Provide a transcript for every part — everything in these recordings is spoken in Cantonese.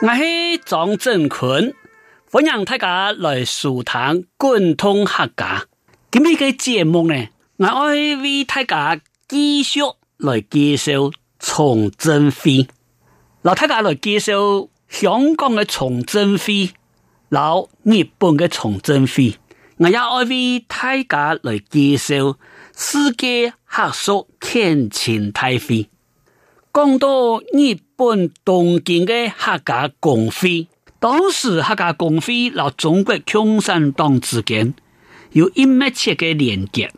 我是張振坤，歡迎大家來收聽《貫通客家》。今天嘅節目呢，我愛為大家繼續來介紹崇正會。那大家來介紹香港嘅崇正會，老日本嘅崇正會。我要愛為大家來介紹世界學術空前嘅崇正會。講到日本東京的客家公會，當時客家公會和中國共產黨之間有一密切嘅連接。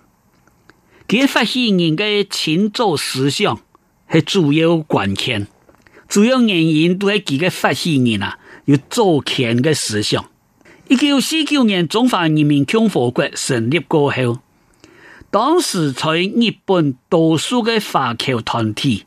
發起人的群眾思想係主要關鍵，主要原因都係幾個發起人啊有，有左傾的思想。一九四九年中華人民共和國成立過後，當時在日本多數的華僑團體。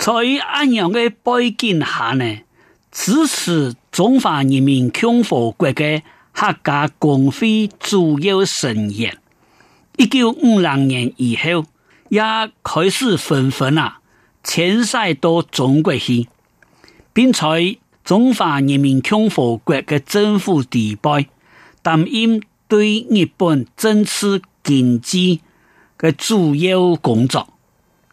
在咁樣嘅背景下呢，只是中華人民共和國的客家共輝主要成員。一九五六年以後，也開始紛紛啊遷徙到中國去，並在中華人民共和國的政府地位，擔任對日本政治經濟嘅主要工作。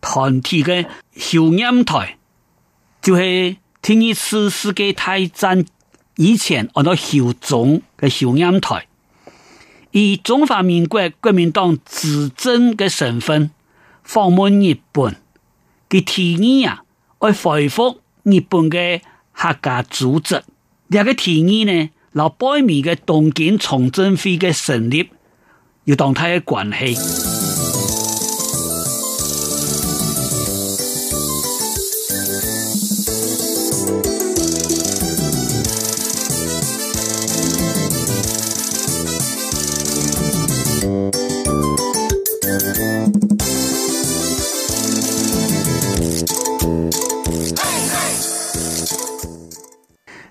團體的邵陰台，就是第一次世界大戰以前按照邵總嘅邵陰台，以中華民國國民黨執政的身份訪問日本嘅提議啊，會恢復日本的客家組織，呢、這個提議呢，劉百米嘅東京崇正會的成立，要動睇的關係。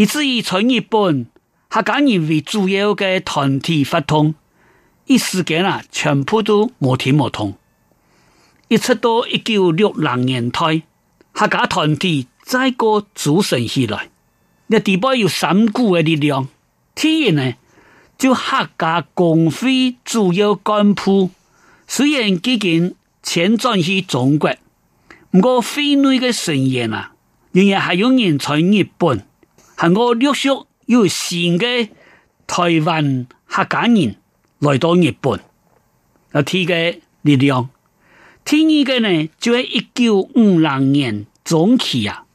以至於在日本，客家人為主要嘅團體發動，不通一時間啊，全部都冇斷冇通。一出到一九六零年代，客家團體再度組成起來，一底部有三股嘅力量。第一呢，就客家公會主要幹部，雖然幾經輾轉去中國，唔過飛內嘅成員啊，仍然還有人在日本。韓國約束有善嘅台灣客家人來到日本，有天嘅力量。第二個呢，就喺一九五六年中期啊，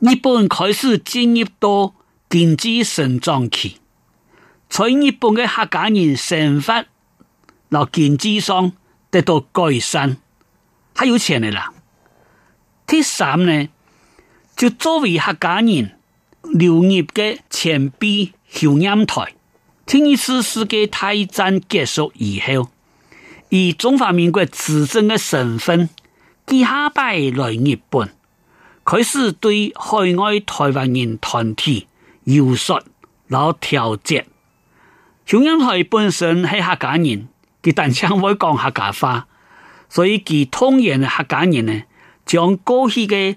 日本開始進入到經濟成長期。在日本嘅客家人生活，喺經濟上得到改善，係有錢嘅啦。第三呢，就作為客家人。流入嘅前輩熊安台，第二次世界大戰結束以後，以中華民國執政嘅身份，寄下拜來日本，開始對海外台灣人團體游說件，然後調節。熊安台本身係客家人，佢但係我講客家話，所以佢通言嘅客家人呢，將過去嘅。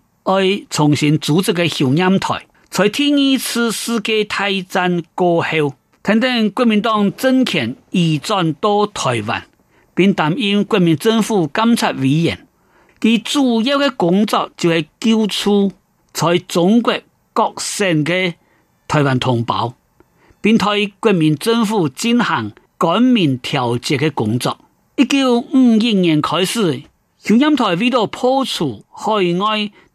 愛重新組織嘅收音台，在第二次世界大戰過後，肯定國民黨政權移轉到台灣，並擔任國民政府監察委員。其主要嘅工作就係救出在中國各省嘅台灣同胞，並對國民政府進行改名調節嘅工作。一九五一年開始，收音台為咗破除海外，會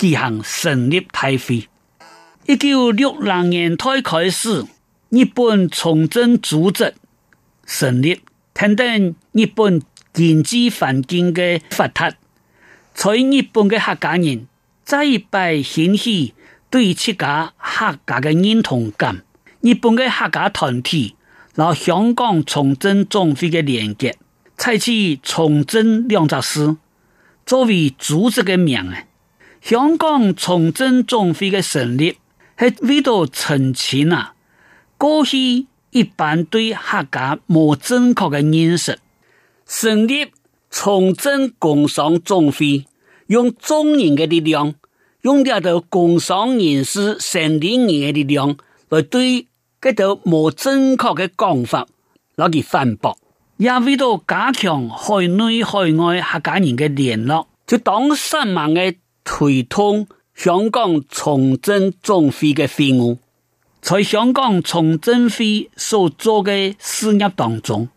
進行成立大會。一九六零年代開始，日本崇正組織成立，談定日本經濟環境嘅發達，在日本嘅客家人再一擺顯示對自家客家嘅認同感。日本嘅客家團體，然後香港崇正總會嘅連結，採取崇正兩隻字作為組織嘅名啊。香港崇正總會嘅成立，係為咗澄清啊過去一般對客家冇正確嘅認識。成立崇正工商總會，用眾人嘅力量，用到到工商人士、成年人嘅力量，來對嗰啲冇正確嘅講法，攞佢反駁，也為咗加強海內外的客家人嘅聯絡。就當十萬嘅。推動香港崇正總會嘅事務，在香港崇正會所做的事業當中，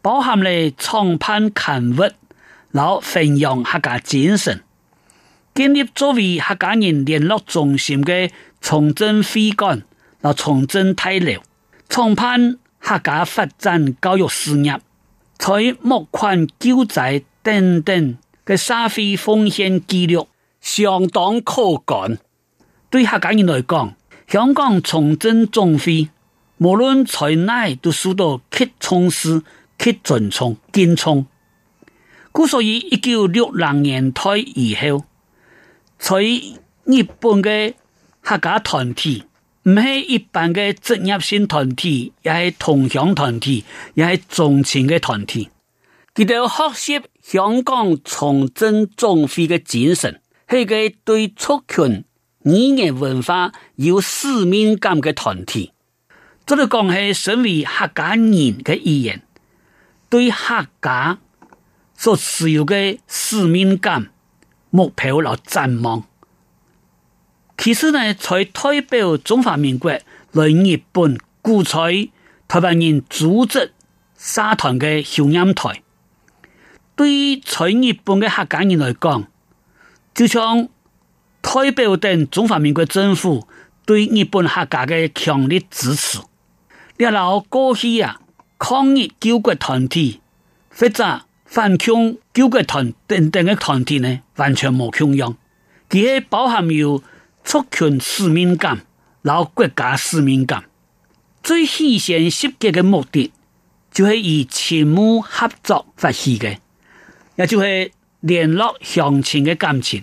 包含了創辦刊物，攞弘揚客家精神，建立作為客家人聯絡中心嘅崇正會館，攞崇正大樓，創辦客家發展教育事業，籌募款救災等等嘅社會奉獻記錄。相當可觀。對客家人來講，香港崇正總會，無論在哪，都受到極重視、極尊重、敬重。故所以一九六零年代以後，在日本嘅客家團體唔係一般嘅職業性團體，亦係同鄉團體，亦係崇正嘅團體，佢哋要學習香港崇正總會嘅精神。係佢對族群語言文化有使命感嘅團體，即係講係成為客家人嘅語言，對客家所持有嘅使命感目標嚟展望。其實呢，在代表中華民國來日本鼓吹台灣人組織沙糖嘅調音台，對於在日本嘅客家人嚟講。就像台北等中華民國政府對日本客家的強烈支持，你睇下我過去啊，抗日救國團體或者反共救國團等等的團體呢，完全冇同樣。佢係包含有族群使命感，然後國家使命感，最細線實際的目的，就是以親母合作發起的，也就會聯絡鄉親的感情。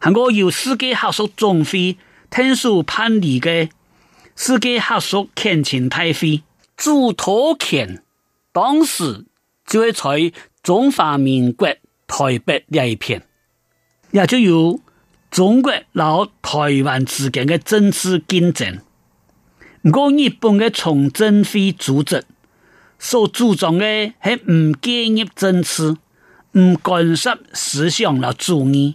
韓國有世界客屬總會聽書叛離的《世界客屬前情太非朱土權，當時就在中華民國台北那一片，也就有中國和台灣之間的政治競爭。我日本的崇正會組織所主張的是不建議政治，不干涉思想嘅主義。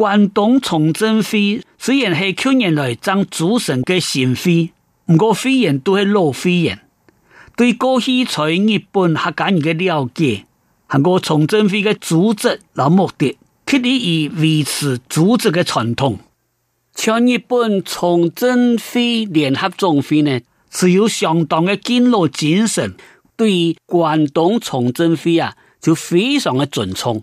關東崇正會雖然係去年來將主審嘅新會，不過人會員都係老會員，對過去在日本客家人嘅了解，同我崇正會嘅組織、和目的，刻意以維持組織嘅傳統。像日本崇正會聯合總會呢，持有相當嘅敬老精神，對關東崇正會啊，就非常嘅尊重。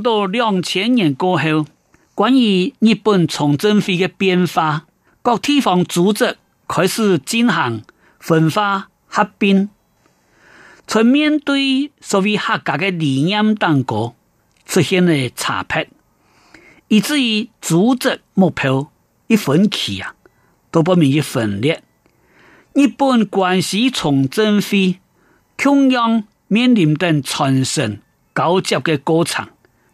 到兩千年過後，關於日本崇正會嘅變化，各地方組織開始進行分化、合併，從面對所謂客家嘅理念當中出現了差別，以至於組織目標一分歧啊，都不免要分裂。日本關西崇正會同樣面臨等傳承交接嘅過程。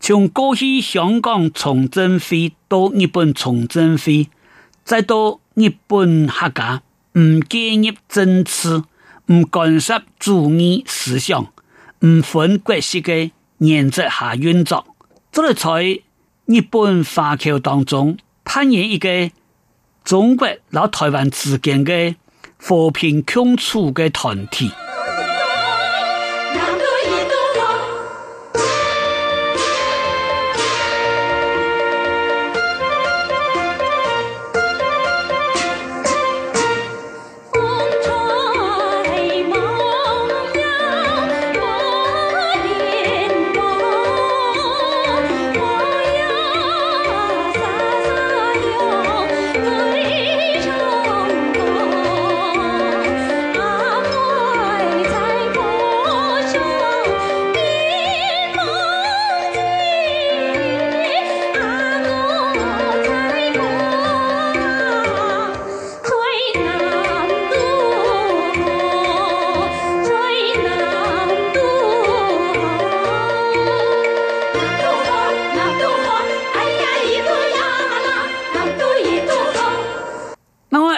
從過去香港崇正會到日本崇正會，再到日本客家唔介入政治，唔干涉主義思想唔分國籍嘅原則下運作，這裏在日本華僑當中扮演一個中國和台灣之間嘅和平共處嘅團體。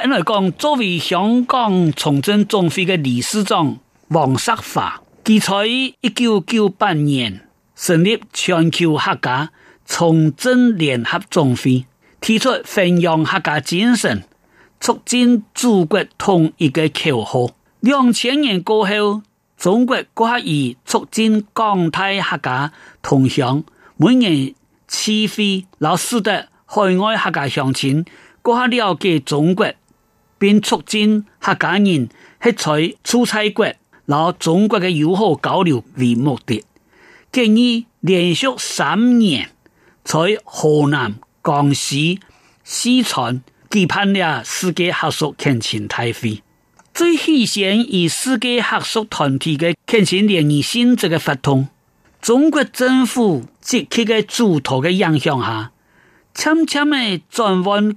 我講，作為香港崇正總會嘅理事長黃石華，佢在一九九八年成立全球客家崇正聯合總會，提出弘揚客家精神，促進祖國統一嘅口號。兩千年過後，中國國語促進港台客家同鄉，每年持費老師的海外客家鄉親，國語了解中國。並促進客家人在出差國和中國嘅友好交流為目的，建議連續三年在河南、江西、四川舉辦了世界客屬懇親大會，最實先以世界客屬團體嘅懇親聯誼性質嘅活動。中國政府積極嘅主導嘅影響下，悄悄咪轉彎。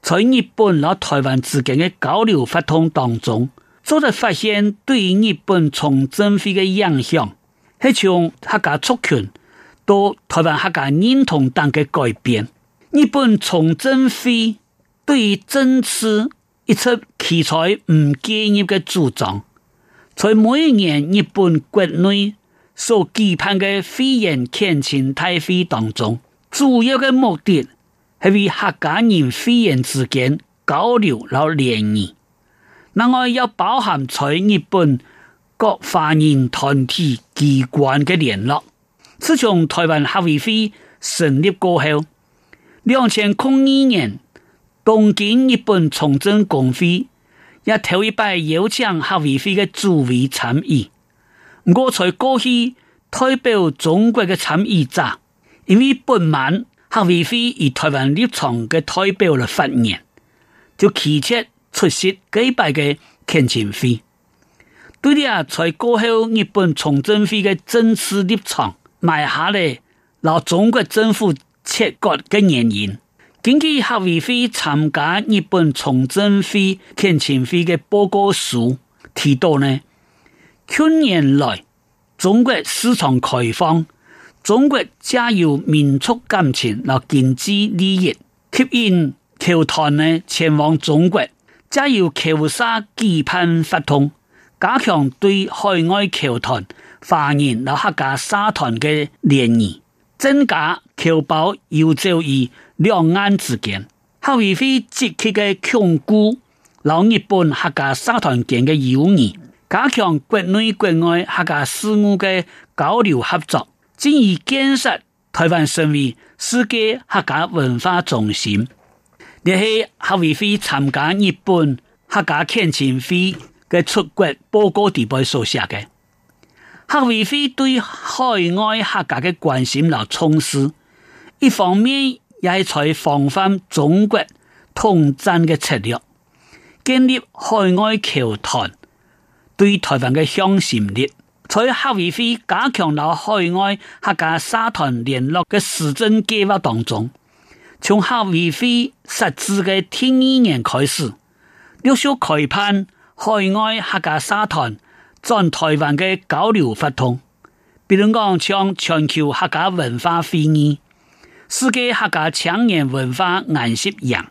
在日本和台灣之間的交流活動當中，逐漸發現對於日本崇正會的影響，係從客家族群到台灣客家認同等的改變。日本崇正會對於政治一直企在唔介意的主張，在每年日本國內所期盼的肺炎懇親大會當中，主要的目的。係為客家人會員之間交流老聯誼，那我要包含在日本各華人團體機關嘅聯絡。自從台灣學委會成立過後，兩千零二年東京日本崇正公會也頭一擺邀請學委會嘅主委參與。我在過去代表中國嘅參與者，因為不滿。黑會飛以台灣立場的代表的發言，就拒絕出席幾百個懇親會。對的啊，在過後日本崇正會的正式立場埋下咧，讓中國政府切割的原因。根據黑會飛參加日本崇正會懇親會的報告書提到呢，去年來中國市場開放。中國加強民族感情，勞經濟利益吸引僑團呢，前往中國，加強僑社羈盼互動，加強對海外僑團華人和客家社團嘅聯誼，增加僑胞游走於兩岸之間，好而非積極嘅鞏固老日本客家社團嘅友誼，加強國內國外客家事務嘅交流合作。旨在建設台灣成為世界客家文化中心，也是客委會參加日本客家懇親會的出國報告地位所寫的。客委會對海外客家的關心和重視，一方面也在防範中國統戰的策略，建立海外僑團對台灣的向心力。在黑委會加強了海外客家社團聯絡嘅市政計劃當中，從黑委會設置嘅第一年開始，陸續開辦海外客家社團在台灣嘅交流活動，比如講像全球客家文化會議、世界客家青年文化研習營、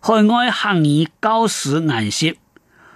海外漢語教師研習、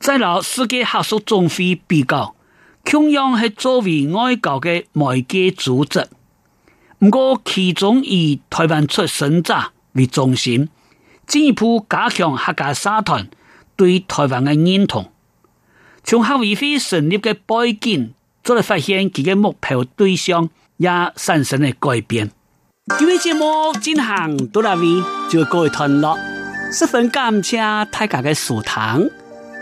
在老世界學術總會比較，中央係作為外交的媒介組織，唔過其中以台灣出生者為中心，進一步加強客家社團對台灣的認同。從客委會成立的背景，就嚟發現其嘅目標對象也產生了改變。今日節目進行到呢度就告一段落，十分感謝大家的收聽。